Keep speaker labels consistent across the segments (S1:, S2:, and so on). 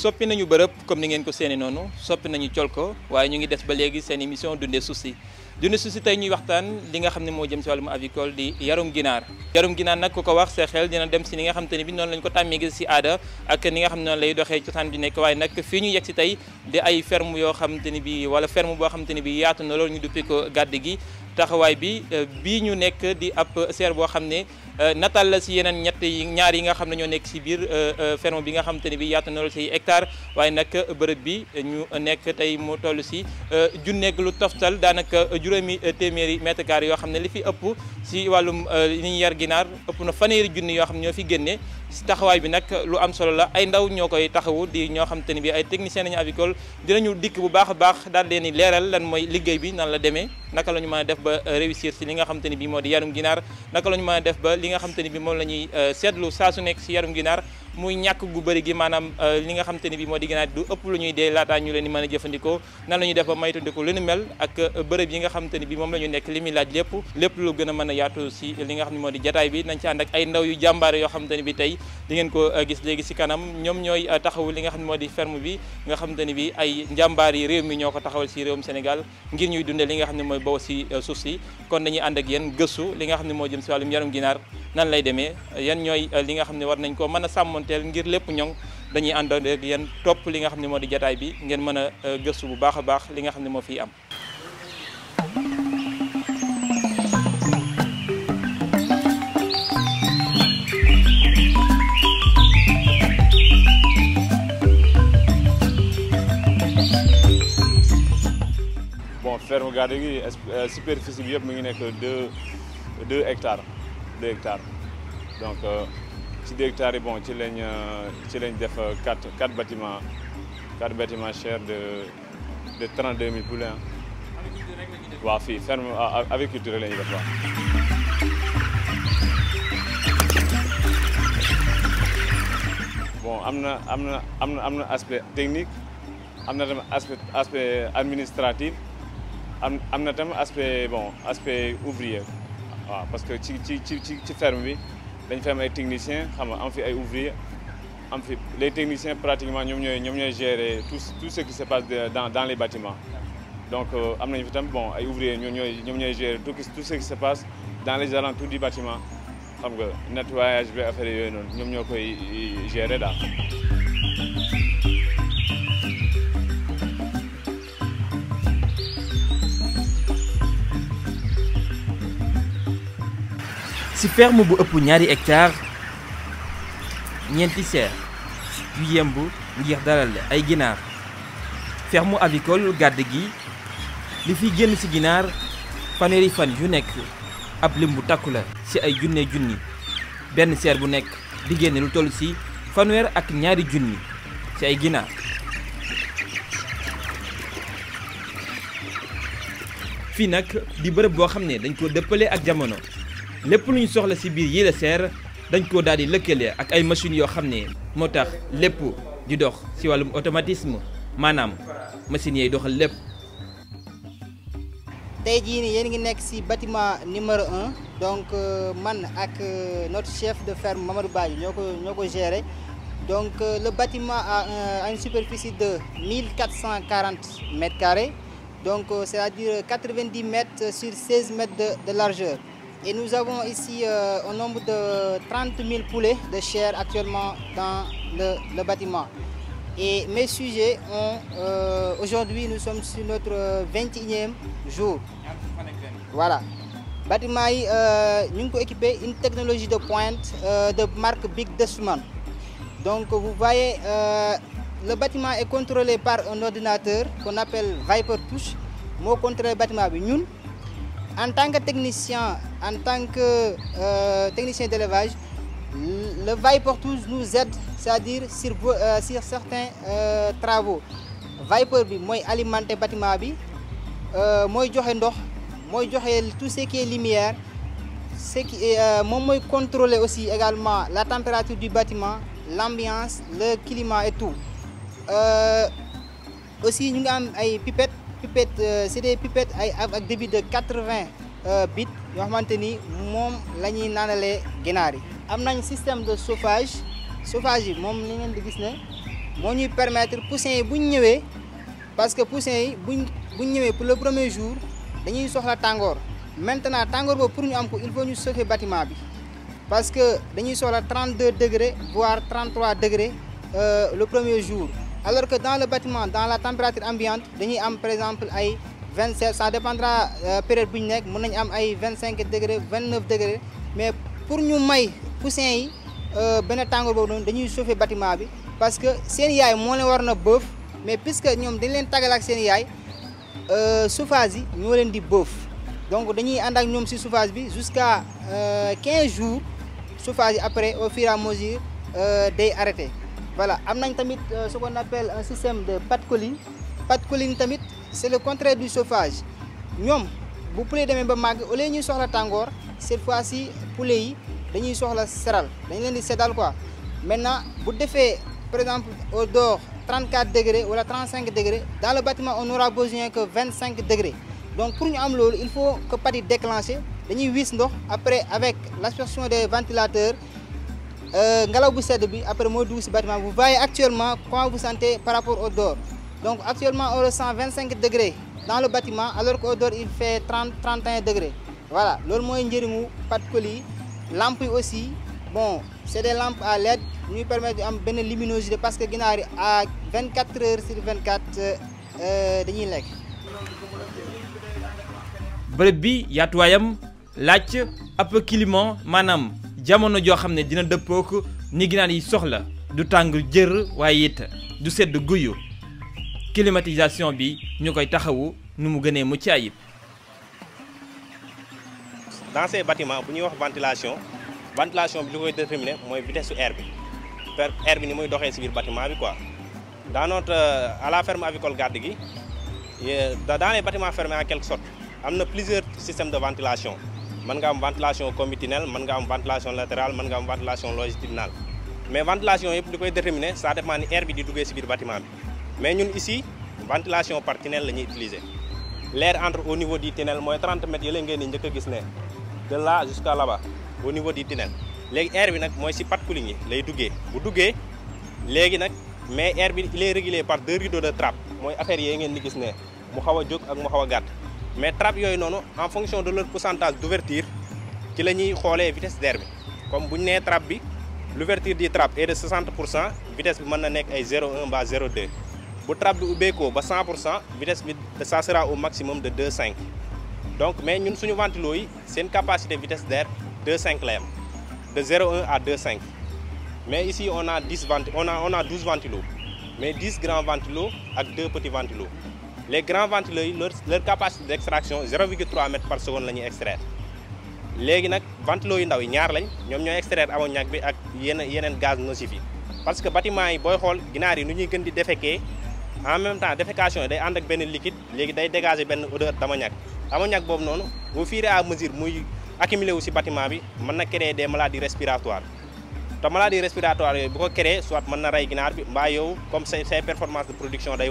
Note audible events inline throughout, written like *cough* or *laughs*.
S1: soppi nañu bërëb comme ni ngeen ko seeni noonu soppi nañu col ko waaye ñu ngi des ba léegi seen émission dundee suuf si dundee suuf si tey ñuy waxtaan li nga xam mo jëm avicole di yarum ginar yarum ginar nag ku ko wax sa xel dina dem si ni nga xam te ne bi noonu lañ ko tàmmee gis si aada ak ni nga xam ne noonu lay doxee cosaan bi nekk waaye nag fii ñu yegg si tey di ay ferme bi wala ferme boo xam te ni bi yaatu na loolu ñu ko gi daxawaay bi euh, bii ñu nekk di ab serre boo xam ne euh, nataal la si yeneen ñett ñaar yi nga xam ne ñoo nekk si biir euh, ferme bi nga xam te ne bi yaatu na lool si hectare waaye nag bërëb bi ñu nekk tey mu toll si junneeg lu toftal daanaka juróomi téeméeri mètre carré yoo xam ne li fi ëpp si wàllum ni ñu yar ginaar ëpp na faneeri junni yoo xam ne ñoo fi génne si taxawaay bi nag lu am solo la ay ndaw ñoo koy taxawu di ñoo xam te ni bi ay technicien nañu avicole dinañu dikk bu baax a baax daal leen ni leeral lan mooy liggéey bi nan la demee naka la ñu mën a def ba euh, réussir si li nga xam te bi moo di yarum ginaar naka lañu ñu def ba li nga xam te ni bi moom la ñuy euh, seetlu saa su nekk si yarum ginaar muy ñàkk gu bëri gi maanaam euh, li nga bi di du ëpp lu ñuy dee laataa ñu leen di mën a jëfandikoo nan la ñuy def ba mel ak euh, bërëb yi nga xam te ni bi la nekk li laaj lépp lu yaatu si li nga xam ne moo di jataay bi nañ ci ànd ak ay ndaw yu jàmbaare yoo xam bi di ngeen ko euh, gis léegi si kanam ñoom ñooy taxawu li nga xam ne di ferme bi nga xam bi ay njàmbaar yi réew mi ñoo taxawal si réewum Sénégal ngir ñuy dundee li nga xam ne mooy boo si suuf si kon dañuy ànd ak yéen gëstu li nga xam ne jëm yarum nan lay yan ñooy li nga xam war nañ ko saafonteel ngir lépp ñoŋ dañuy àndandoo ak yéen topp li nga xam ni moo di jataay bi ngeen mën a euh, gëstu bu baax a baax li nga xam ne moo fiy am.
S2: bon ferme Gade Gui euh, superficie bi yëpp mu ngi nekk deux deux hectares deux euh, hectares, bon, il y a 4, 4 bâtiments. 4 bâtiments chers de, de 32 000 poulets.
S1: Avec
S2: une règle Avec une règle de Bon, il y a un aspect technique, il y un aspect, aspect administratif, il y un aspect, bon, aspect ouvrier. Parce que tu fermes, oui dañ fi am ay techniciens xam nga am fi ay ouvriers am fi les techniciens pratiquement ñoom ñooy ñoom ñooy gérer tout tout ce qui se passe dans dans les bâtiments donc euh, am nañu fi tam bon ay ouvriers ñoom ñooy ñoom ñooy gérer tout tout ce qui se passe dans les alentours du bâtiment xam nga nettoyage bi affaire yooyu noonu ñoom ñoo koy euh, gérer daal.
S1: ci ferme bu ëpp ñaari hectare ñeenti serre yu yemb ngir dalal ay ginaar ferme avicole gàdd gi li fi génn ci ginaar fanweeri fan yu nekk ab limbu bu takku la ci ay junne junni benn serre bu nekk di génne lu toll ci fanweer ak ñaari junni ci ay ginaar fii nag di bërëb boo xam ne dañ ko dëppale ak jamono lépp lu soxla si biir yi la seer dañ koo daal di ak ay machines yoo xam ne moo tax lépp di dox si wàllum automatisme maanaam machines yay doxal lépp.
S3: tey jii nii yéen ngi nekk si bâtiment numéro 1. donc euh, man ak euh, notre chef de ferme Mamadou Badji ñoo ko ñoo ko géré donc euh, le bâtiment a une superficie de 1440 mètres carrés donc c'est-à-dire 90 mètres sur 16 mètres de de largeur. Et nous avons ici un euh, nombre de 30 000 poulets de chair actuellement dans le, bâtiment. Et mes sujets ont, euh, aujourd'hui, nous sommes sur notre 21e jour. Voilà. Bâtiment, euh, équipé une technologie de pointe euh, de marque Big Desmond. Donc, vous voyez, le bâtiment est contrôlé par un ordinateur qu'on appelle Viper Touch. Moi, contrôle le bâtiment, nous, en tant que technicien, en tant que euh, technicien d'élevage, le Vaille nous aide, c'est-à-dire sur, euh, certains euh, travaux. Viper bi alimente alimenter bâtiment moi, euh, mooy joxe ndox tout ce qui est lumière ce qui moi, contrôler aussi également la température du bâtiment l'ambiance le climat et tout aussi nous avons des pipettes euh, c'est des pipettes avec un débit de 80 euh, bits Nous avons maintenu moom la ñuy naanalee Nous yi. am système de chauffage chauffage Mon moom li ngeen di lui ñuy permettre pousser yi bu parce que pousser yi buñ pour le premier jour dañuy soxla tangor. maintenant tangor boobu pour nous am ko il faut ñu le bâtiment bi parce que dañuy soxla 32 degrés, voire 33 degrés, euh, le premier jour alors que dans le bâtiment dans la température ambiante nous avons par exemple ay 27 ça dépendra euh, période la période, nous avons 25 degrés, 29 degrés. mais pour nous, may poussins, yi euh, benn tàngoor le bâtiment parce que seen yaay moo le war na mais puisque nous, dañ leen tagal ak seen yaay euh, chauffage yi ñoo leen donc nous avons ak ñoom si chauffage jusqu'à 15 jours chauffage après au fur et à mesure day arrêter voilà amnañ euh, ce qu'on appelle un système de pâte colline pâte colline c'est le contraire du chauffage Ñom bu poulet demee ba mag, au lieu ñuy soxla tangor, cette fois ci poulet yi dañuy soxla seral dañ leen di sédal quoi maintenant bu défé par exemple au dehors 34 degrés wala 35 degrés dans le bâtiment on n'aura besoin que 25 degrés donc pour ñu am il faut que pâte déclencher. dañuy wiss ndox après avec l'aspiration des ventilateurs euh, bi après vous voyez actuellement comment vous sentez par rapport au dehors donc actuellement on ressent 25 degrés dans le bâtiment alors qu'au dehors il fait 30 31 degrés voilà loolu mooy njëriñu de colis lampes aussi bon c'est des lampes à LED nous permettent de am benn luminosité parce que à 24 h sur 24 euh, dañuy lekk.
S1: bërëb bi yaatuwaayam laaj climat jamono jo dina du climatisation dans ces bâtiments bu wax ventilation
S4: ventilation bi déterminer vitesse bi per air bi ni ci bâtiment bi dans notre euh, ferme euh, dans les bâtiments fermés en quelque sorte plusieurs systèmes de ventilation. man nga am ventilation comitinelle mën nga am ventilation latérale mën nga am ventilation longitudinale mais ventilation yëpp li koy déterminer ça dépend ni air bi di duggee ci biir bâtiment bi mais ñun ici ventilation par tunnel la ñuy utiliser l'air entre au niveau du tunnel mooy 30 mètres yële ngeen di njëkk gis ne de là jusqu'à là au niveau du tunnel léegi air bi nag mooy ci pat cooling yi lay duggee bu duggee léegi nag mais air bi il est par deux rideaux de trappe mooy affaire yee ngeen di gis ne mu xaw a jóg ak mu xaw a mais trappe yoy nono, en fonction de leur pourcentage d'ouverture ci la ni vitesse d'air bi comme buñ une trappe l'ouverture des trappe est de 60 vitesse bi de 0,1 ba 0,2 bu trappe de 100 vitesse ça sera au maximum de 2,5 donc mais ñun suñu ventilo yi capacité vitesse d'air 2,5 5 de 0,1 à 2,5 mais ici on a 10 on a on a 12 ventilos mais 10 grands ventilos et deux petits ventilos les grands ventolins leur leur capacité d'extraction, 0,3 mètre par seconde la ñuy extraire Les nag ventolins yu ndaw yi ñaar lañ ñoom ñooy extraire gaz nocif parce que bâtiment yi booy xool ginaar yi nu ñuy gën di déféquer en même temps défécation yi day ànd ak benn liquide léegi day dégager benn odeur d' ammoniac au fur et à mesure muy accumulé wu si bâtiment bi mën créer des maladies respiratoires te maladies respiratoires yooyu bu ko créer soit mën na rey ginaar bi comme ses performances de production day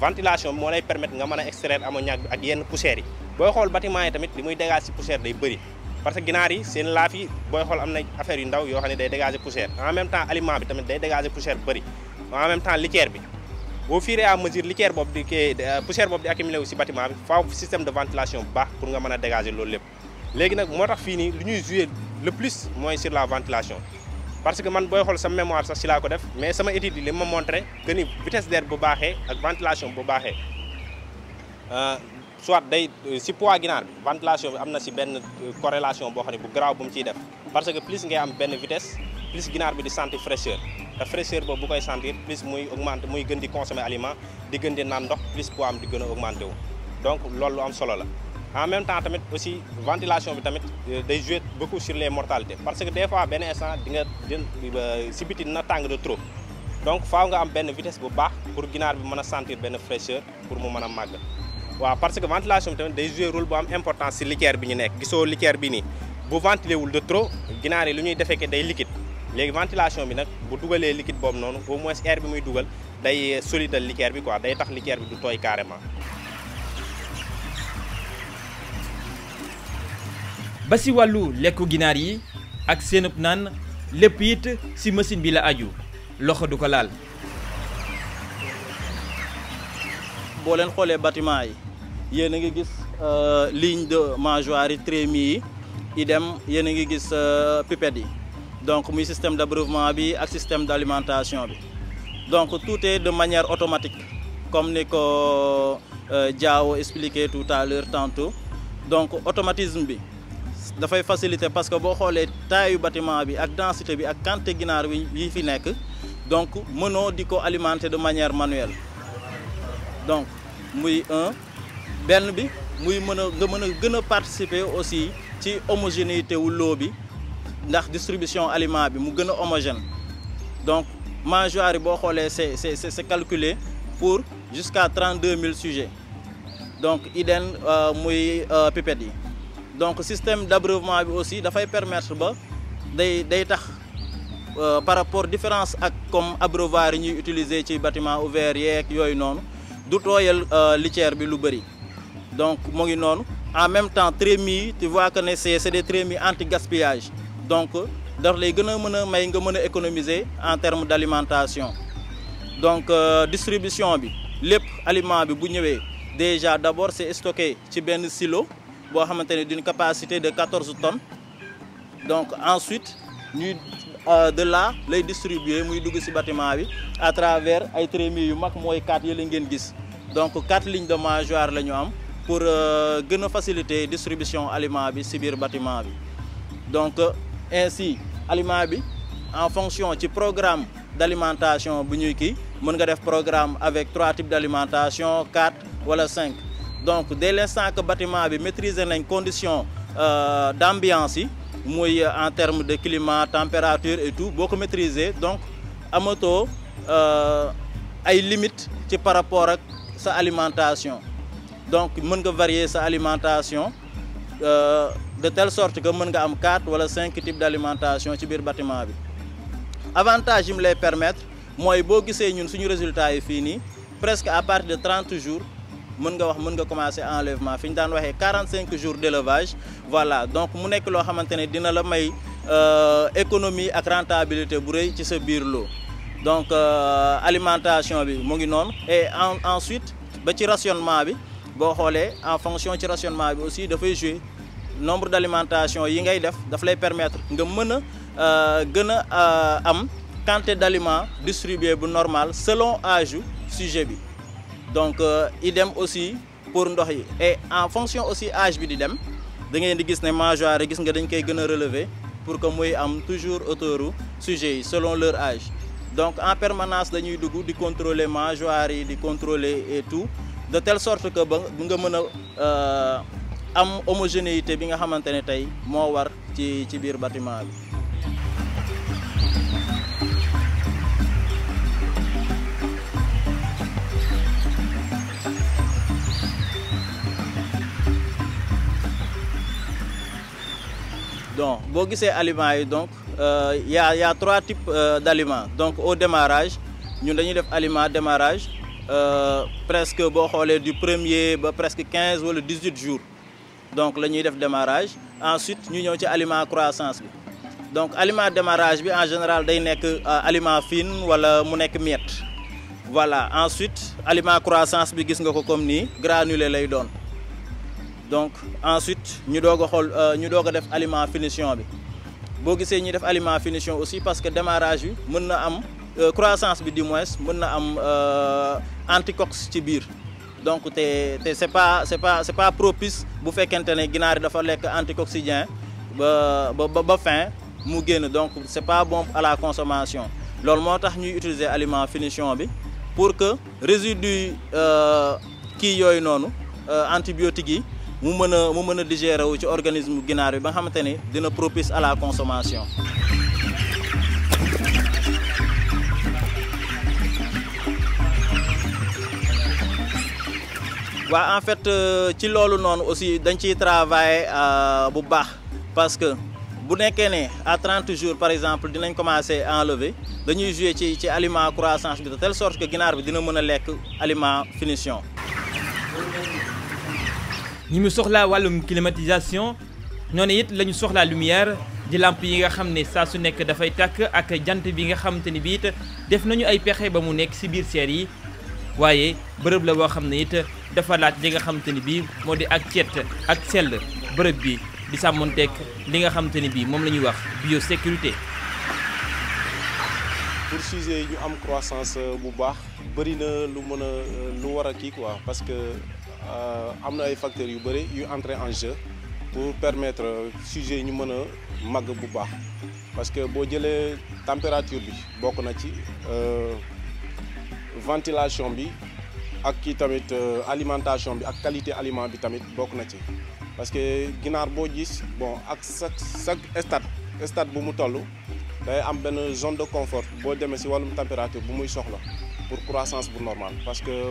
S4: ventilation bi lay permettre nga mën extraire ammoniac ak yenn poussière yi boy xol bâtiment yi tamit li muy dégage ci poussière day bëri parce que ginaar yi seen laaf yi booy xool am affaire yu ndaw yo xam day dégager poussière en même temps aliment bi tamit day dégager poussière bëri en même temps litière bi bo furee à mesure litière bob di ke euh, poussière bob di accumuler ci bâtiment bi faaw système de ventilation bu baax pour nga mën dégager loolu lépp léegi nag moo tax fii nii lu ñuy jouer le plus moy sur la ventilation parce que man boy xol sa mémoire sax ci la ko def mais sama étude li ma montré que ni vitesse d'air bu baxé ak ventilation bu baxé euh soit day euh, ci poids ginaar bi ventilation bi amna ci ben euh, corrélation bo xamné bu graw bu mu ciy def parce que plus ngay am ben vitesse plus ginaar bi di sentir fraîcheur ta fraîcheur bobu bu koy sentir plus muy augmenter muy gën di consommer aliment di gën di nan ndox plus poids am di gëna augmenter donc lolu am solo la en même temps tamit aussi ventilation bi tamit euh, day jouer beaucoup sur les mortalités parce que des fois benn instant di nga euh, si biti na de trop donc faaw nga am benn vitesse bu baax pour ginaar bi mën sentir benn fraîcheur pour mu mën mag. màgg parce que ventilation bi tamit day jouer rôle bu am importance si litière bi ñu nekk bi nii bu de trop ginaar yi lu ñuy defekke day liquide léegi ventilation bi nag bu dugalee liquide boobu noonu au moins air bi muy dugal day solidal litière bi quoi day tax litière bi du carrément
S1: basi walu wàllu lekku yi ak seenub naan lépp it si machine bi la aju loxo du ko laal. boo leen xoolee bâtiment
S5: yi yéen a ngi gis euh, ligne de mangeoire yi yi idem yéen a ngi gis euh, pipette yi donc muy système d'abreuvement bi ak système d'alimentation bi donc tout est de manière automatique comme ni ko euh, Diao expliqué tout à l'heure tantôt donc automatisme bi dafay faciliter parce que xolé taille du bâtiment bi ak densité bi ak quantité ginar wi yi fi donc mënoo diko alimenter de manière manuelle donc muy un ben bi muy meuna a nga participer aussi ci homogénéité wu lo bi ndax distribution aliment bi mu gën homogène donc mangeoire bo xolé xoolee c'est c'est c'est calculé pour jusqu'à 32 sujets donc idem euh, muy euh, pipette yi donc système d'abreuvement bi aussi fay permettre ba day day tax euh, par rapport différence ak comme abreuvoir ñuy utiliser ci bâtiment ouvert yeeg yoy non du tooyal euh, litière bi lu bari donc mo ngi non en même temps trémie, tu vois que ne c'est c'est des trémies anti gaspillage donc dans lay gën a may nga mëna économiser en termes d'alimentation donc euh, distribution bi lepp aliment bi bu ñëwé déjà d'abord c'est stocké ci Ben silo d'une capacité de 14 tonnes donc ensuite euh, de là lay distribuer bâtiment à travers les trémies yu mag quatre donc quatre lignes de mangeoire pour faciliter euh, la faciliter distribution aliment bi ci bâtiment donc euh, ainsi aliments, en fonction du programme d'alimentation bu ñuy faire un programme avec 3 types d'alimentation 4 ou 5 donc dès l'instant que bâtiment a maîtrisé les conditions euh, d'ambiance euh, en termes de climat température et tout maîtrisé donc maîtriser donc moto, euh, ay une limite par rapport à sa alimentation donc il nga varier sa alimentation de telle sorte que mon nga 4 ou 5 types d'alimentation dans le bâtiment avantage me me permets, permettre que si résultat est fini, presque à partir de 30 jours mën nga wax mën nga commencer enlèvement fiñ 45 jours d'élevage voilà donc mu nekk loo xamante ne dina la may euh, économie ak rentabilité bu rëy ci sa biir l'alimentation, donc euh, alimentation bi mu ngi noonu et ensuite ba ci rationnement bi boo en fonction ci rationnement bi aussi dafay jouer nombre d'alimentation yi ngay def daf lay permettre nga mën a euh, gën am quantité d'aliments distribués bu normal selon âge sujet donc euh, idem aussi pour ndox et en fonction aussi âge bi di dem da ngeen di gis ne relevés nga dañ koy pour que muy am toujours autour sujet selon leur âge donc en permanence dañuy dugg di contrôler mangeoire yi di contrôler et tout de telle sorte que nous nga mën a euh, am homogénéité bi nga xamante ne tey moo war ci ci biir bâtiment donc donc euh, y a trois types euh, d'aliments. donc au démarrage nous dañuy def à démarrage euh, presque 15 du premier presque 15 ou 18 jours donc nous démarrage ensuite ñu des ci à croissance donc aliment démarrage en général day des aliment fine wala mu miette voilà ensuite aliment croissance bi gis nga comme granulé donc ensuite ñu devons xol euh, ñu doog def aliment finition bi devons gisee ñi def aliment finition aussi parce que démarrage bi mën na am euh, croissance bi du moins mën na am euh, anticox ci donc té té c'est pas c'est pas c'est pas propice bu fekkente ne ginaar dafa lek anticoxidien ba ba ba fin mu donc c'est pas bon à la consommation lool nous ñuy utiliser aliment finition bi pour que résidu yoy sont les antibiotiques yi mu mën mu digérer wu ci organisme ginaar bi ba nga xamante propice à la consommation. en fait euh, ci loolu noonu aussi dañ ciy travailler euh, bu baax parce que bu nekkee ne à 30 jours par exemple dinañ à enlever dañuy jouer ci ci aliments croissance de telle sorte que ginaar bi dina mën a aliment finition.
S1: Nous mu la walum climatisation it la lumière di yi nga xam ne saa su nekk ak bi nga def nañu ay la boo xam it dafa laaj li nga xamante ni ak nous ak bi di li nga la biosécurité.
S6: pour sujet ñu am croissance bu baax bëri na lu a lu quoi parce que. Euh, am na ay facteurs yu bëri yu entrer en jeu pour permettre sujet ñu mëna mag bu baax parce que bo jëlee température bi bokku na ci euh, ventilation bi ak ki tamit euh, alimentation bi ak qualité aliment bi tamit bokku na ci parce que ginar bo gis bon ak chaque chaque stade stade bu mu tollu day am ben zone de confort bo demee ci walum température bu muy soxla pour croissance bu normale parce que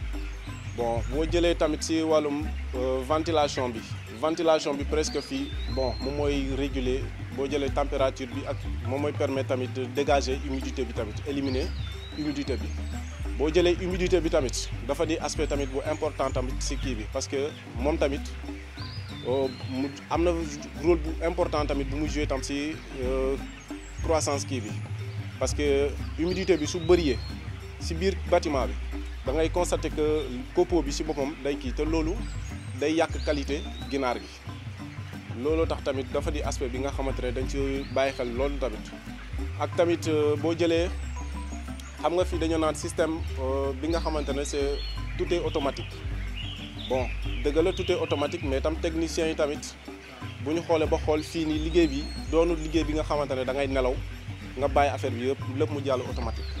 S6: bon boo jëlee tamit si walum euh, ventilation bi ventilation bi presque fi bon moom mooy réguler boo jëlee température bi ak moom mooy permettre tamit de dégager humidité bi tamit éliminer humidité bi boo jëlee humidité bi tamit dafa di aspect tamit bu important tamit ci ki bi parce que mom tamit euh, mu am rôle bu important tamit bu muy jouer tam si euh, croissance ki bi parce que humidité bi su bëriyee si biir bâtiment bi da ngay constater que copeaux bi ci boppam day kii te loolu day yàq qualité ginaar gi looloo tax tamit dafa di aspect bi nga xamante ne dañ ci bàyyi xel loolu tamit ak tamit euh, boo jëlee xam nga fii dañu naan système euh, bi nga xamante ne c'est tout est automatique bon dëgg la tout est automatique mais tam technicien yi tamit bu ñu xoolee ba xool fii nii liggéey bi doonul liggéey bi nga xamante ne da ngay nelaw nga bàyyi affaire bi yëpp lépp mu jàll automatique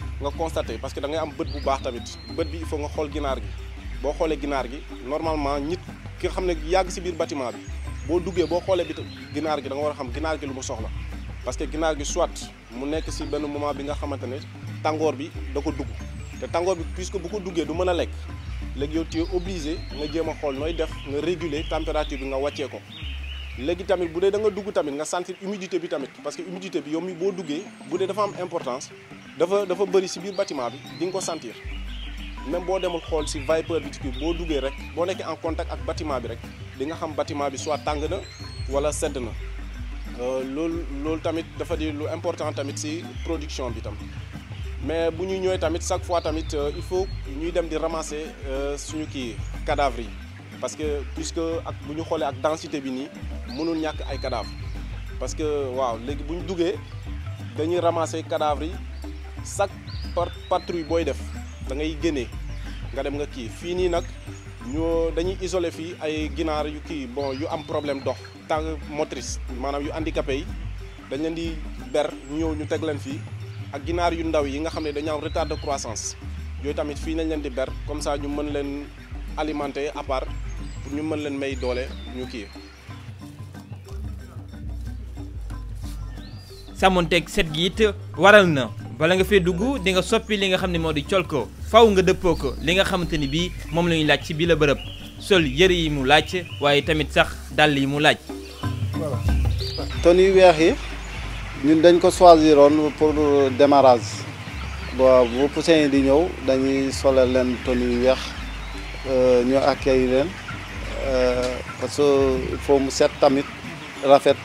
S6: nga constaté parce que da ngay am bët bu baax tamit bët bi il faut nga xool ginaar gi boo xoolee ginaar gi normalement nit ki nga xam ne yàgg si biir bâtiment bi boo duggee boo xoolee bi ginaar gi da nga war a xam ginaar gi lu mu soxla parce que ginaar gi soit mu nekk si benn moment bi nga xamante ne tàngoor bi da ko dugg te tàngoor bi puisque bu ko duggee du mën a lekk léegi yow tu es obligé nga jéem a xool nooy def nga réguler température bi nga wàccee ko léegi tamit boudé da nga dugg tamit nga sentir humidité bi tamit parce que humidité bi yow mi boo duggee bu dee dafa am importance dafa dafa bëri ci biir bâtiment bi di nga ko sentir même bo demul xol ci vapeur bi ci bo boo rek bo nekkee en contact ak bâtiment bi rek di nga xam bâtiment bi soit tàng na wala sedd na euh, loolu loolu tamit dafa di lu important tamit ci production bi tam mais bu ñuy ñëwee tamit chaque fois tamit euh, il faut ñuy dem di ramasser euh suñu ki cadavre parce que puisque ak bu ñu xoolee ak densité bi ni mënul ñak ay cadavre parce que waaw légui buñ duggé dañuy ramasser cadavre yi chaque patrouille boy def da ngay génnee nga dem nga ki fii nii nag ñoo dañuy isoler fi ay ginar yu ki bon yu am problème dox tàng motrice manam yu handicapé yi dañ leen di ber ñu ñu tegg leen fi ak ginar yu ndaw yi nga xamné dañu am retard de croissance yooyu tamit fi nañ leen di ber comme ça ñu mën leen alimenter à part pour ñu mën leen may doole ñu kii
S1: sàmmoon sàmmonteeg set gi it waral na bala nga fee dugg di nga soppi li nga xam ne moo di col ko faw nga dëppoo ko li nga xamante ni bii moom la ñuy laaj ci bii la bërëb sol yëre yi mu laaj waaye tamit sax dàll yi mu laaj.
S5: voilà yu weex yi ñu dañ ko choisiroon pour démarrage ba bu di ñëw dañuy solal leen ton yu weex euh, ñu accueillir leen euh, parce que il mu set tamit rafet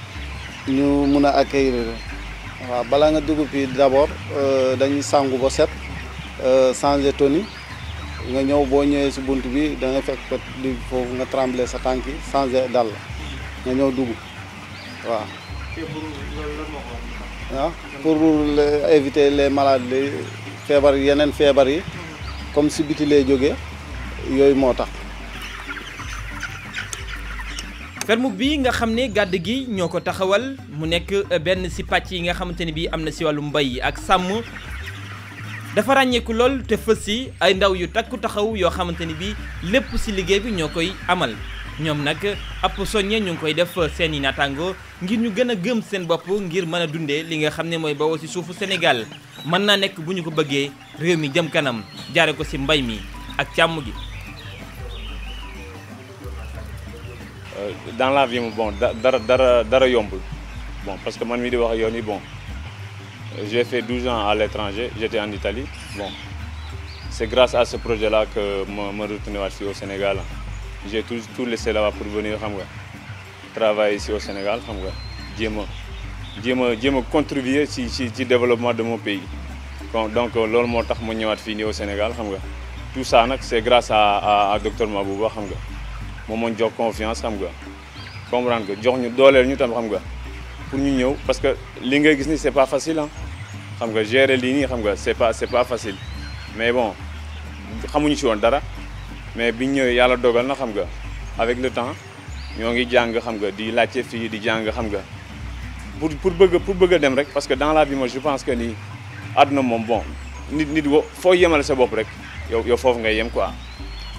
S5: ñu mun a accueillir leen. waaw balaa nga dugub bi d'abord euh, dañuy sangu ba set euh, changer tenue nga ñëw boo ñëwee si bunt bi da nga fekk pet di foofu nga trembler sa tànki yi changer dàll nga ñëw dugg waaw. waaw ah, pour éviter les maladies feebar yeneen feebar yi comme si biti lay jógee
S6: yooyu moo tax.
S1: ferme bi nga xam ne gàdd gi ñoo ko taxawal mu nekk euh, benn si pàcc yi nga xamante ne bii am na si wàllu mbay yi ak sàmm dafa ràññeeku lool te fës si ay ndaw yu takku taxaw yoo xamante ni bii lépp si liggéey bi ñoo koy amal ñoom nag ab soññe ñu ngi koy def seen i naataango ngir ñu gën a gëm seen bopp ngir mën a dundee li nga xam ne mooy bawoo si suufu senegal mën naa nekk bu ñu ko bëggee réew mi jëm kanam jaare ko si mbay mi ak càmm gi.
S2: Euh, dans la vie bon dara bon parce que bon j'ai fait 12 ans à l'étranger j'étais en Italie bon c'est grâce à ce projet là que je suis au Sénégal j'ai tout laissé là-bas pour venir travailler ici au Sénégal xam me contribue au développement de mon pays donc l'homme que je au Sénégal tout ça c'est grâce à à docteur Mabouba moom moo jox confiance xam nga comprendre que jox ñu dooleel ñu tam xam nga pour ñu parce que li ngay gis ni c'est pas facile hein xam nga gérer lii nii xam nga c'est pas c'est pas facile mais bon xamuñu ci woon dara mais biñ ñëwee yàlla dogal na xam nga avec le temps ñoo ngi jàng xam nga di laajte fii di jàng xam nga pour pour bëgg pour bëgg a dem rek parce que dans la vie moi je pense que nii àdduna moom bon nit nit wo foo yemal sa bopp rek yow yow foofu ngay yem quoi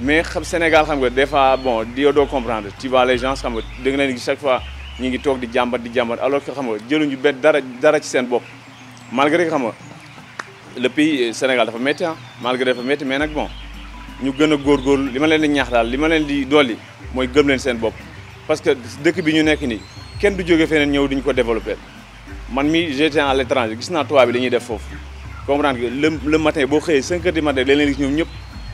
S2: mais xam Sénégal xam nga des fois bon dio do comprendre tu vois les gens xam nga da nga chaque fois ñi ngi tok di jàmbat di jàmbat alors que xam nga jëluñu benn dara dara ci sen bop malgré xam nga le pays euh, Sénégal dafa metti hein malgré dafa metti mais nak bon ñu gëna gor gor li ma leen di ñaax daal li ma leen di doli moy gëm leen sen bop parce que dëkk bi ñu nekk ni kenn du joggé feneen ñëw duñ ko développer man mi j'étais à l'étranger gis na tubaab bi dañuy def fofu comprendre que le le matin bo xëy 5 h du matin dañ leen gis ñoom ñëpp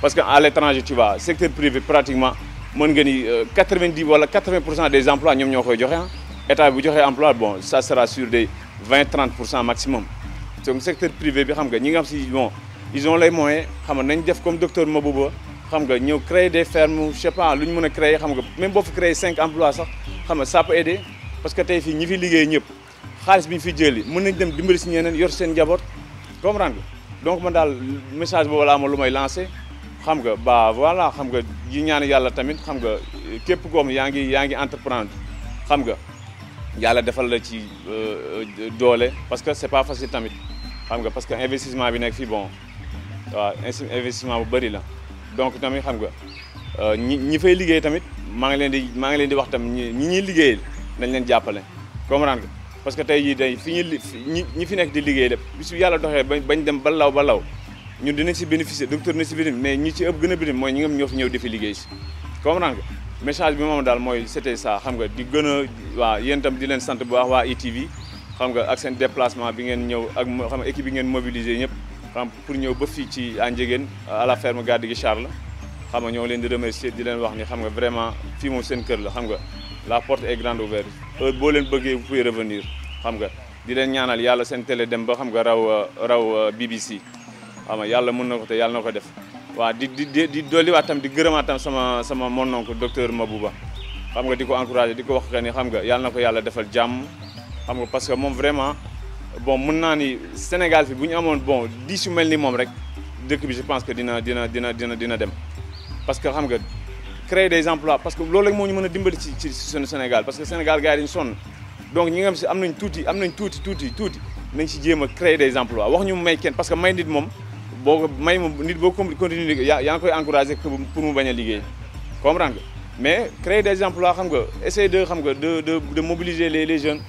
S2: Parce qu'à l'étranger, tu vas, secteur privé, pratiquement, 90 voilà, 80% des emplois, nous hein. n'ont État bu joxe emploi bon ça sera sur des 20 30 maximum donc secteur privé bi xam nga ñi ils ont les moyens xam nga comme docteur Mabouba xam ont créé des fermes je sais pas lu a créer xam même boo créer cinq emplois sax ça peut aider parce que les gens ñi fi été ñëpp xaalis bi ñu fi Ils ont été dem dimbali si ñeneen yor seen njaboot comprendre donc man message que je vais lu lancé xam nga ba voilà xam nga yi ñaan yàlla tamit xam nga képp koom yaa ngi yaa ngi entreprendre xam nga yàlla defal la ci euh, euh, doole parce que c'est pas facile tamit xam nga parce que investissement bi nekk fii bon waaw investissement bu bëri la donc tamit xam nga euh, ñi ñi fay liggéey tamit maa ngi leen di maa ngi leen di wax tam ñi ñuy liggéeyal nañ leen jàppale comprendre nga parce que tey jii day fi ñu ñi ñi fi nekk di liggéey lépp bis yàlla doxee bañ dem ba law ba law ñu dina ci bénéficier docteur dina si bénéficier mais ñi ci ëpp gëna a moy mooy ñi nga ñoo fi ñëw di fi liggéey ci comprendre nga message bi moom daal mooy c'était ça xam nga di gën a waa yéen itam di leen sant bu baax waa ITV xam nga ak seen déplacement bi ngeen ñëw ak xam nga équipe bi ngeen mobiliser ñëpp xam pour ñëw ba fii ci à à la ferme Gaddi gi Charles xam nga ñoo leen di remercier di leen wax ni xam nga vraiment fii moom seen kër la xam nga la porte est grande ouverte heure boo leen bëggee vous pouvez revenir xam nga di leen ñaanal yàlla seen télé dem ba xam nga raw raw euh, BBC xam nga yàlla mën na ko te yàlla na ko def waa di di di dolliwaat tam di gërëmaat tam sama sama mon oncle docteur Mabouba xam nga di ko encouragé di ko wax que xam nga yàlla na ko yàlla defal jàmm xam nga parce que moom vraiment bon mën naa ni Sénégal fi bu ñu amoon bon di su mel ni moom rek dëkk bi je pense que dina dina dina dina dina dem parce que xam nga créer des emplois parce que loolu rek moo a dimbali ci ci suñu Sénégal parce que Sénégal gars yi dañu sonn donc ñi nga si am nañ tuuti am nañ tuuti tuuti tuuti nañ si jéem a créer des emplois wax ñu may parce que may nit moom boo may ma nit boo continue yaa yaa ngi koy encouragé pour mu bañ a liggéey comprendre nga mais créer des emplois xam nga essayer de xam nga de de de mobiliser les jeunes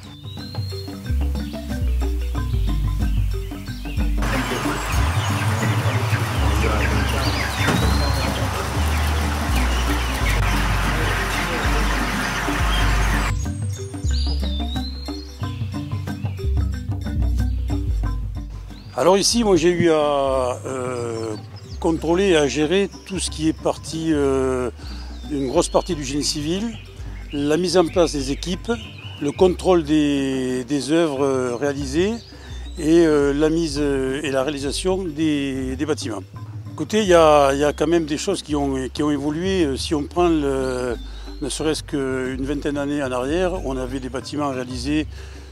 S7: Alors ici, moi j'ai eu à euh, contrôler et à gérer tout ce qui est parti, euh, une grosse partie du génie civil, la mise en place des équipes, le contrôle des, œuvres euh, réalisées et la mise et la réalisation des, bâtiments. Écoutez, il y, a quand même des choses qui ont, ont évolué. Si on prend ne serait-ce qu'une vingtaine d'années en arrière, on avait des bâtiments réalisés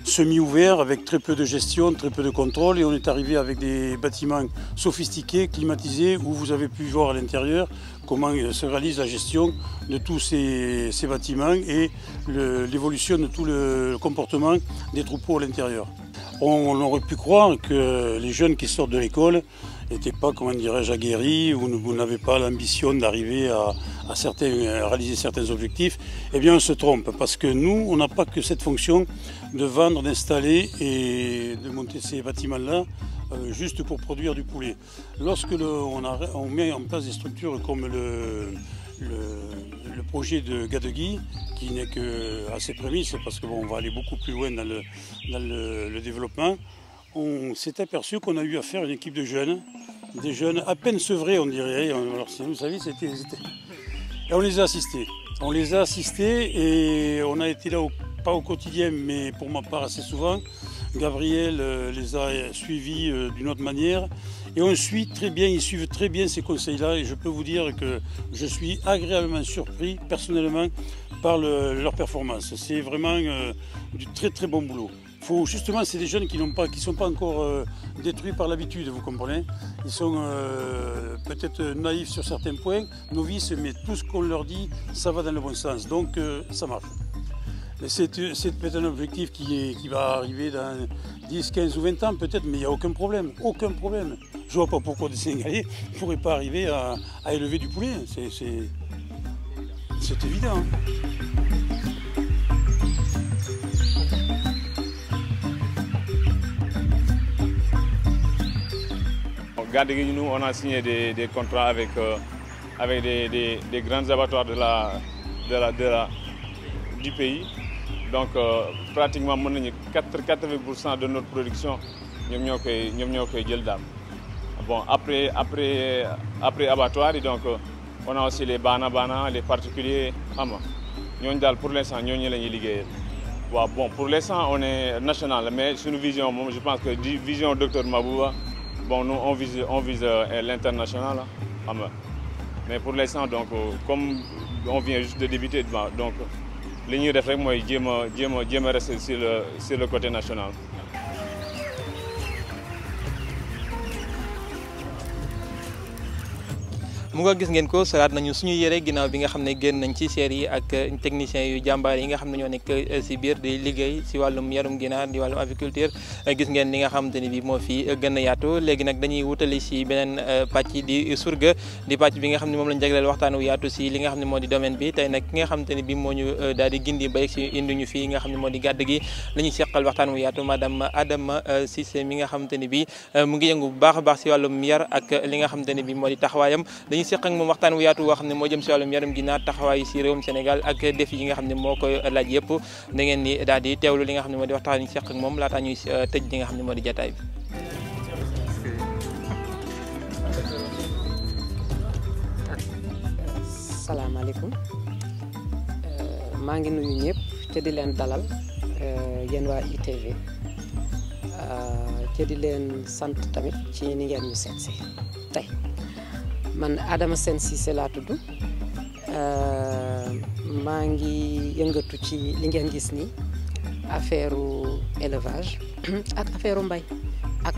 S7: semi-ouvert avec très peu de gestion, très peu de contrôle et on est arrivé avec des bâtiments sophistiqués, climatisés, où vous avez pu voir à l'intérieur comment euh, se réalise la gestion de tous ces, bâtiments et l'évolution de tout le comportement des troupeaux à l'intérieur. on aurait pu croire que les jeunes qui sortent de l'école n'était pas, comment dirais-je, aguerri ou n'avez pas l'ambition d'arriver à, réaliser certains objectifs, eh bien on se trompe parce que nous, on n'a pas que cette fonction de vendre, d'installer et de monter ces bâtiments-là euh, juste pour produire du poulet. Lorsque on, met en place des structures comme le, projet de Gadegui, qui n'est qu'à ses prémices, parce qu'on va aller beaucoup plus loin dans le développement, on s'est aperçu qu'on a eu affaire à une équipe de jeunes, des jeunes à peine sevrés, on dirait. Alors, vous savez, c'était. Et on les a assistés. On les a assistés et on a été là, pas au quotidien, mais pour ma part assez souvent. Gabriel euh, les a suivis euh, d'une autre manière. Et on suit très bien, ils suivent très bien ces conseils-là. Et je peux vous dire que je suis agréablement surpris, personnellement, par leur performance. C'est vraiment euh, du très très bon boulot justement, c'est des jeunes qui ne pas, qui sont pas encore euh, détruits par l'habitude, vous comprenez Ils sont euh, peut-être naïfs sur certains points, novices, mais tout ce qu'on leur dit, ça va dans le bon sens. Donc, euh, ça marche. C'est peut-être un objectif qui, va arriver dans 10, 15 ou 20 ans peut-être, mais il n'y a aucun problème. Aucun problème. Je ne vois pas pourquoi des Sénégalais ne *laughs* pourraient pas arriver à, à élever du poulet. Hein. C'est évident. Hein.
S2: nous, on a signé des, contrats avec, euh, avec des, grands abattoirs de la, de la, de du pays. Donc, euh, pratiquement, 80% de notre production, nous avons fait Bon, après, après, après abattoir, euh, on a aussi les bana les particuliers. Pour l'instant, nous avons fait bon, pour l'instant, on est national, mais sur une vision, je pense que vision docteur Maboua, Bon, nous, on vise, on vise euh, l'international. Hein, Mais pour l'instant, donc, euh, comme on vient juste de débuter, donc, l'union de moi, je me rester sur le, sur
S1: le côté national. mu nga gis ngeen ko solaat nañu suñu yére ginnaaw bi nga xam ne nañ ci ak euh, technicien yu jàmbaar yi nga xam ne ñoo nekk euh, si biir di liggéey si wàllum yarum ginaar di wàllum aviculture euh, gis ngeen li nga xamante bi fi gën a yaatu léegi nag dañuy wutali si beneen pàcc di surga di pàcc bi nga xam ne moom lañ jagleel yaatu si li nga xam ne di domaine bi tey nag ki nga xamante ni bi moo ñu daal di gindi ba si indi ñu fi nga xam ne moo di gàdd gi la ñuy seqal yaatu madame Adama Cissé mi nga xamante bi mu ngi yëngu bu baax baax yar ak li nga xamante bi di taxawaayam dañuy seq ak moom waxtaan wu yaatu woo xam ne moo jëm si wàllum yaram ginaar taxawaay si réewum Sénégal ak défi yi nga xam ne moo koy laaj yëpp da ngeen ni daal di teewlu li nga xam ne moo di waxtaan yi seq ak moom laataa ñuy euh, tëj li nga jataay bi
S8: salaamaaleykum euh, maa ngi nuyu ñëpp te di leen dalal euh, yéen waa ITV te leen sant tamit ci ni ngeen ñu seet si man Adama Sène Cissé laa tout, euh, maa ngi yëngatu ci li ngeen gis ni affaire élevage *clears throat* ak affaire mbay ak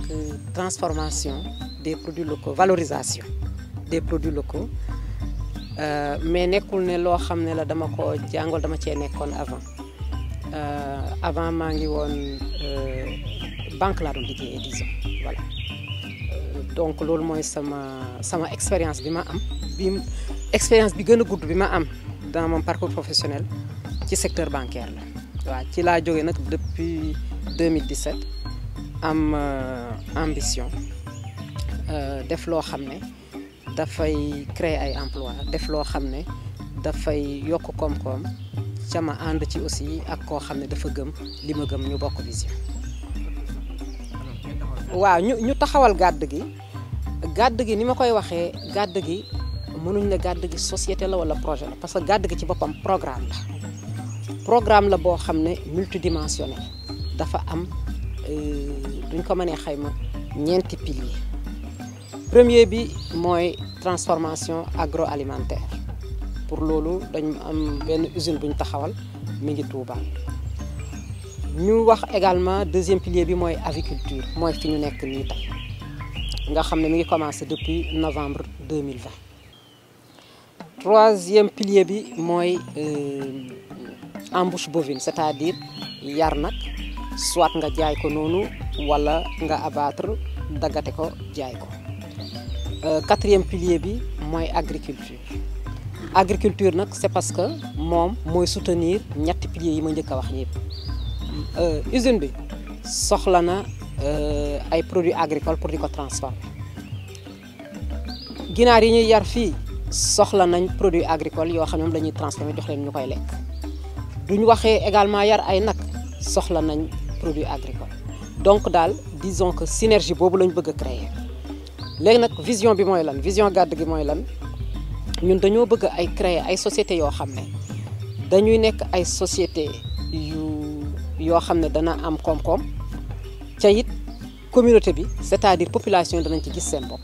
S8: transformation des produits locaux valorisation des produits locaux euh, mais nekul ne lo xam la dama ko jangol dama ci nekkoon avant euh, avant mangi ngi euh banque la doon liggéeyee disons voilà donc loolu moy sama sama expérience bi ma am bi expérience bi gëna gudd bi ma am dans mon parcours professionnel ci secteur bancaire la wa ci la joggé nak depuis 2017 am euh, ambition euh, def lo xamné da fay créer ay emploi def lo xamné da fay yok koom kom ca ma and ci aussi ak ko xamné ne dafa gëm lima gëm ñu bokk vision waaw ñu ñu taxawal gàdd gi gàdd gi ni ma koy waxee gàdd gi mënuñ ne gàdd gi société la wala projet la parce que gàdd gi ci boppam programme la programme la boo xam ne multidimensionnel dafa am euh, duñ ko mënee xayma ñeenti pilier premier bi mooy transformation agroalimentaire pour loolu dañu am benn usine buñ taxawal mi ngi Touba ñu wax également deuxième pilier bi mooy aviculture mooy fi ñu nekk nii tey nga xam ne mi ngi commencé depuis novembre 2020 troisième pilier bi mooy euh, embouche bovine c'est-à-dire yar nag soit nga jaay ko noonu wala nga abattre daggate ko jaay ko euh, quatrième pilier bi mooy agriculture agriculture nag c'est parce que moom mooy soutenir ñetti piliers yi ma njëkk a wax euh, usine bi euh, ay produits agricoles pour diko transformer ginaar yi ñuy yar fi soxla nañ produits agricoles yo xamne ne moom transformer jox leen ñu koy duñ waxee également yar ay nak soxla nañ produits agricoles donc d'al, disons que synergie bobu lañ bëgg créer léegi nak vision bi moy lan vision garde gi moy lan ñun dañoo bëgg ay créer ay sociétés yo xamne dañuy nekk ay sociétés yu yo xamne ne dana am kom kom ca it communauté bi c'est-à-dire population danañ ci gis seen bopp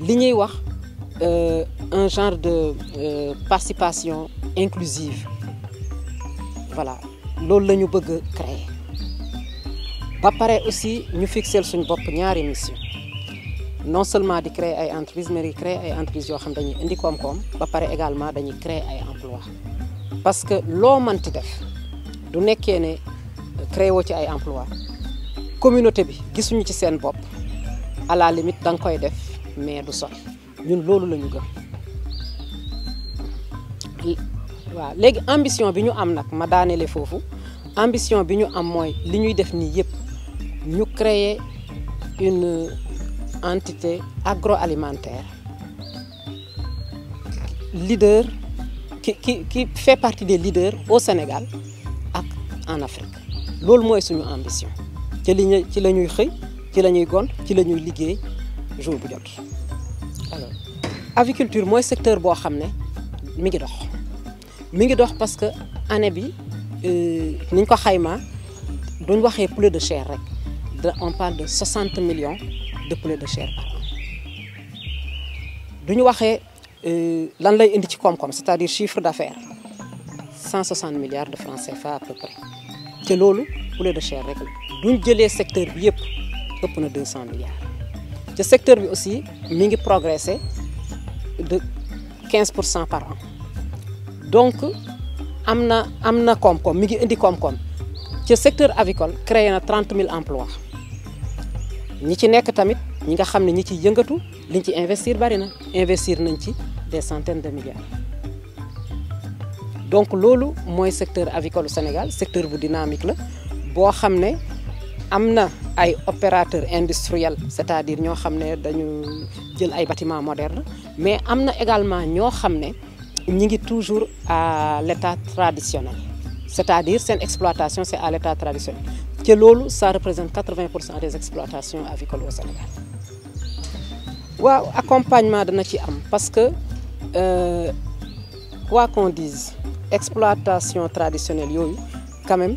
S8: li ñuy wax euh, un genre de euh, participation inclusive voilà loolu la ñu bëgg créer ba pare aussi ñu fixel suñ bopp ñaari mission non seulement di créer ay entreprises mais di créer ay entreprises yoo xam dañuy indi koom-koom ba pare également dañuy créer ay emploi parce que loo mënti def du nekkee ne créer woo ci ay emploi communauté bi gisuñu ci sen bop à la limite dang koy def mais du sot ñun loolu lañu ñu gëm waaw léegi ambition bi ñu am nak ma daanele fofu ambition bi ñu am moy li def ni yépp ñu créer une entité agroalimentaire leader qui qui qui fait partie des leaders au Sénégal ak en Afrique loolu est suñu ambition ci li ñu ci lañuy xëy ci lañuy gont ci liggéey jour bu jot alors aviculture mooy secteur boo xam ne mi ngi dox mi ngi dox parce que année bi euh, niñ ko xaymaa duñ waxee poulet de chair rek on parle de 60 millions de poulet de chair par an duñu waxee euh, lan lay indi ci koom-koom c'est-à-dire chiffre d'affaires 160 milliards de francs CFA à peu près te loolu poulet de chair rek la avons le secteur bi ëpp 200 milliards ce secteur bi aussi mi progressé de 15 par an donc nous avons am na indi secteur avicole créé 30 000 emplois Nous ci nekk tamit ñi nga xam ñi ciy yëngatu investir investir des centaines de milliards donc loolu le secteur avicole Sénégal le secteur dynamique nous ay opérateurs industriels c'est-à-dire ñoo xamné dañu bâtiments modernes mais nous également ñoo xamné ñi toujours à l'état traditionnel c'est-à-dire une exploitation c'est à l'état traditionnel ce qui ça représente 80 des exploitations avicoles au Sénégal waaw accompagnement dana ci am parce que euh, quoi qu'on dise exploitation traditionnelle quand même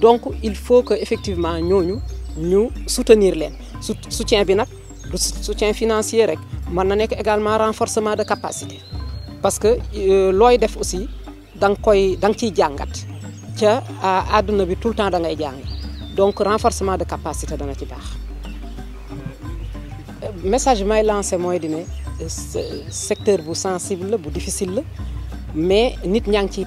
S8: donc il faut que effectivement soutenions ñu soutenir les soutien bi soutien financier mais également renforcement de capacité parce que euh, looy def aussi en train koy da faire. ciy jàngat ca bi tout le temps de les donc renforcement de capacité dans ci baax euh, message que lancé est que ce secteur est sensible difficile, difficile mais nit n'y ngi ciy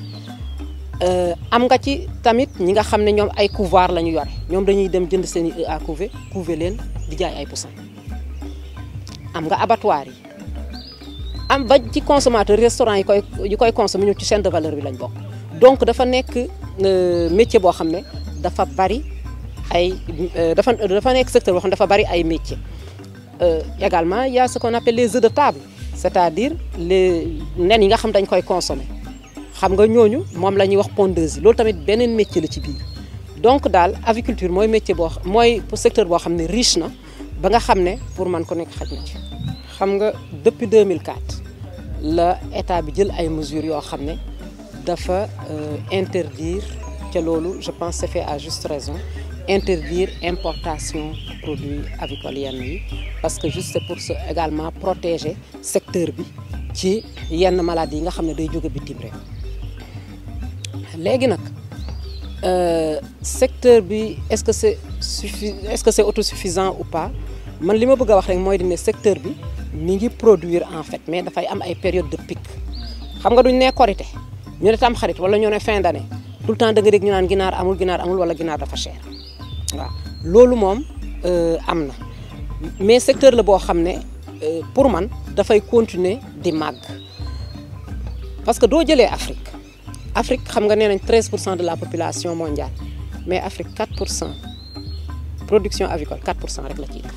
S8: Euh, am nga ci tamit ñi nga xam ne ay couvoir la ñu yore dañuy dem jënd seen i à couver couver leen di jaay ay abattoir yi am restaurant yi koy de valeur donc dafa euh, métier bari dafa secteur dafa bari ay également il y a ce qu'on appelle les œufs de table c'est-à-dire les nen yi nga xam consommer xam nga ñooñu moom la ñuy wax pondeuse loolu tamit beneen métier la ci biir donc daal aviculture mooy métier boo mooy secteur boo xam ne riche na ba nga xam ne pour man ko nekk xaj na ci. xam nga depuis 2004 la état bi jël ay mesures yoo xam ne dafa euh, interdire ca loolu je pense c'est fait à juste raison interdire importation produits avicoliennes yi parce que juste pour se également protéger secteur bi ci yenn maladie yi nga xam ne day jóge bitim réew nak euh secteur bi est-ce que c'est est-ce que c'est autosuffisant ou pas man li ma bëgg wax rek moy di secteur bi ni ngi produire en fait mais fay am ay période de pic xam nga duñ né korité ñu né tam xarit wala ñu né fin d'année tout le temps da nga rek ñu naan ginar amul ginar, amul wala ginar dafa cher wa lolu mom euh amna mais secteur la bo xamné ne euh, pour man fay continuer di mag parce que do jëlee Afrique Afrique xam nga 13% 13% de la population mondiale mais Afrique 4%, production avicole 4% avec rek la ci def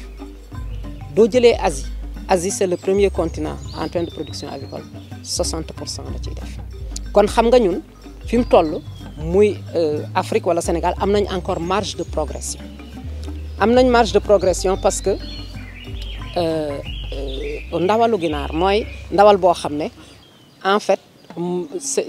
S8: doo L'Asie Asie Asie c'est le premier continent en train de production avicole 60% la ci def kon xam nga ñun fim tollu Afrique euh, ou Afrique wala Sénégal amnañ encore marge de progression Amnañ marge de progression parce que euh, euh, ndawalu ginar moy ndawal bo xamné en fait c'est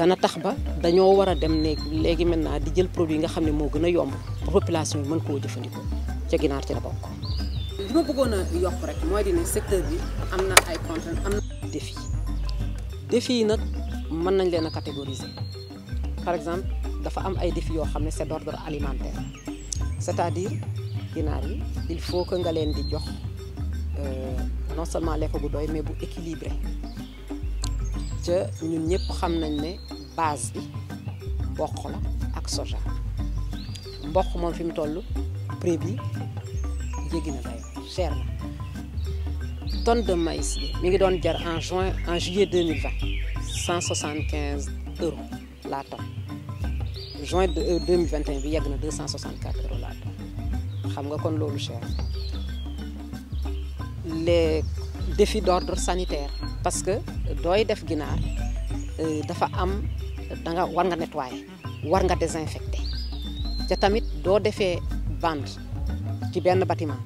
S8: dana tax ba dañoo war a dem ne léegi maintenant di jël produit nga xam ne moo gën a yomb pour population yi mën koo jëfandikoo ca ginaar ci la bokk. li ma bëggoon a yokk rek mooy di ne secteur bi am na ay contraintes am na. défi yi nag mën nañ leen a catégoriser par exemple dafa am ay défi yoo xam ne c'est d'ordre alimentaire c'est-à-dire ginaar yi il faut que nga leen di jox euh, non seulement lekk gu doy mais bu équilibré. te ñun ñëpp xam nañ ne base bi mboq la ak soja mboq moom fi mu toll prix bi jéggi na cher na tonne de maïs bi mi ngi doon jar en juin en juillet 2020 175 euros la tonne juin 2021 euh, bi yegg na 264 euros la tonne xam nga kon loolu cher les défi d'ordre sanitaire parce que doy def ginaar euh, dafa am da nga war nga nettoyer war nga désinfecter te tamit do defee vente ci ben bâtiment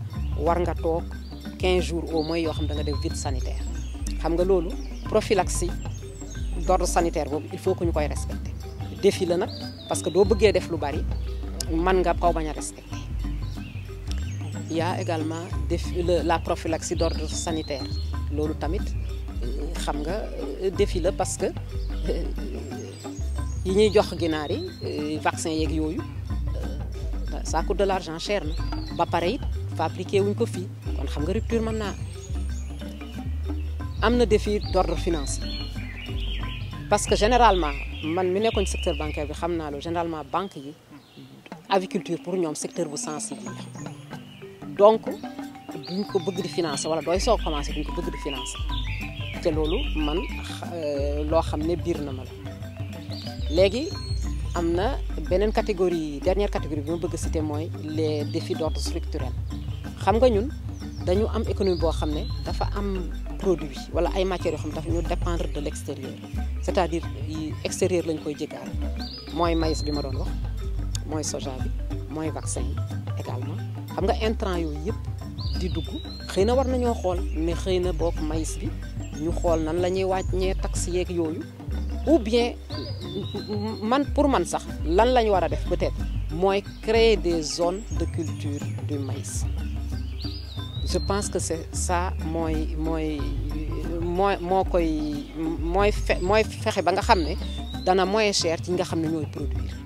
S8: war nga tok 15 jours au moins yo xam da nga def vide sanitaire xam nga lolu prophylaxie d'ordre sanitaire bob il faut que ñu koy respecter défi la nak parce que do bëggé def lu bari man nga kaw baña respecter il y a également des la prophylaxie d'ordre sanitaire loolu tamit xam nga défi la parce que yi ñuy jox ginaar yi vaccin yeeg yooyu ça coûte de l'argent cher na ba pare it fabriqué wuñ ko fii kon xam nga rupture mën naa am na défi d'ordre financier parce que généralement man mi nekkoon secteur bancaire bi xam naa généralement banque yi aviculture pour ñoom secteur bu sensible la donc buñ ko bëgg di financer wala doy soog commencé buñ ko bëgg di financer te loolu man euh, loo xam ne biir na ma la léegi am na beneen catégorie dernière catégorie bi ma bëgg citer mooy les défis d'ordre structurel xam nga ñun dañu am économie boo xam ne dafa am produit wala ay matières yoo xam dafa ñu dépendre de l'extérieur c'est-à-dire extérieur lañ koy jégaale mooy maïs bi ma doon wax mooy soja bi mooy vaccin également xam nga intrant yooyu yëpp di dugg xëy na war nañoo xool ne xëy na boog maïs bi ñu xool nan la ñuy wàññee taxi yeeg yooyu ou bien man pour man sax lan la ñu war a def peut-être mooy créer des zones de culture du maïs. je pense que c'est ça mooy mooy mooy moo koy mooy fe mooy fexe ba nga xam ne dana moins cher ci nga xam ne ñooy produire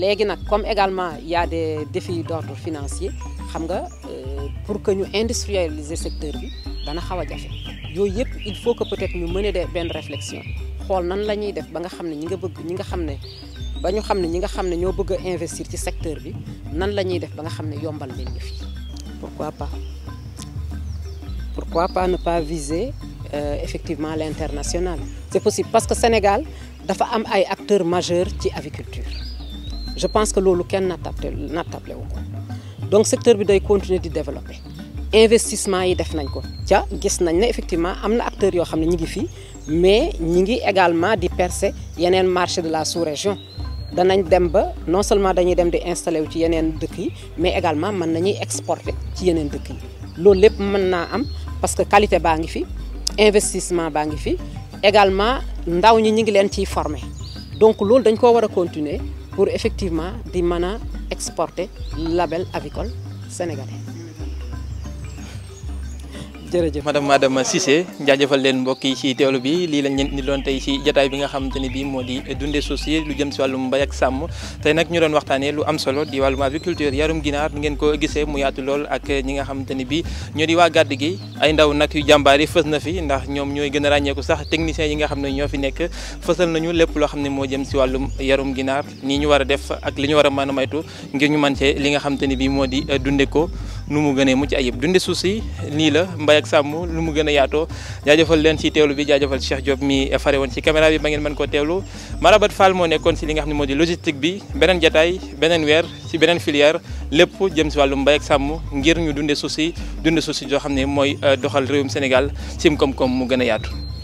S8: léegi comme également il y a des défis d'ordre financier xam nga euh, pour que ñu industrialiser secteur bi dana xaw a jafe il faut que peut-être ñu menions de réflexion xool nan la def ba nga xamné ñi nga bëgg ñi nga xamné ba ñu ñi nga xamné ñoo bëgg investir ci secteur bi nan lañuy def ba nga xamné yombal leen fi pourquoi pas pourquoi pas ne pas viser euh, effectivement l'international c'est possible parce que Sénégal dafa am ay acteurs majeurs ci aviculture je pense que loolu kenn nattable nattable wu ko donc secteur bi day continuer di développer investissement yi def nañ ko ca gis nañ ne effectivement amna acteur acteurs yoo xam ngi fi mais ñi ngi également di percer yenen marché de la sous-région danañ dem ba non seulement dañuy dem di installer wu ci yenen dëkk yi mais également mën nañuy exporter ci yenen dëkk yi lolu lepp mën na am parce que qualité baa ngi fi investissement baa ngi fi également ndaw ñi ñi ngi leen ciy former donc loolu dañ ko war a continuer pour effectivement exporter le exporter label avicole sénégalais
S1: jërëjëf madame madame Cissé jaajëfal leen mbokk yi ci teewlu bi lii lañ leen ni doon tey ci jataay bi nga xamante ni bii moo di dundee suuf si lu jëm ci wàllum mbay ak sàmm tey nag ñu doon waxtaanee lu am solo di wàllum agriculture yarum ginaar ni ko gisee mu yaatu lool ak ñi nga xamante ni bii ñoo di waa gi ay ndaw nag yu jàmbaar yi fës na fi ndax ñoom ñooy gën a ràññeeku sax techniciens yi nga xam ne ñoo fi nekk fësal nañu lépp loo xam ne moo jëm ci wàllum yarum ginaar nii ñu war a def ak li ñu war a mën a ngir ñu mën cee li nga xamante ni bii moo di dunde ko nu mu gënee mucc ayib dunde suuf si nii la mbay ak sàmm lu mu gën a yaatoo jaajëfal leen ci teewlu bi jaajëfal Cheikh Diop mi faré woon ci caméra bi ba ngeen mën koo teewlu Marabat Fall moo nekkoon si li nga xam ne moo di logistique bi beneen jataay beneen weer si beneen filière lépp jëm si wàllu mbay ak sàmm ngir ñu dunde suuf si dunde suuf si joo euh, doxal réewum Sénégal sim koom-koom mu gën yaatu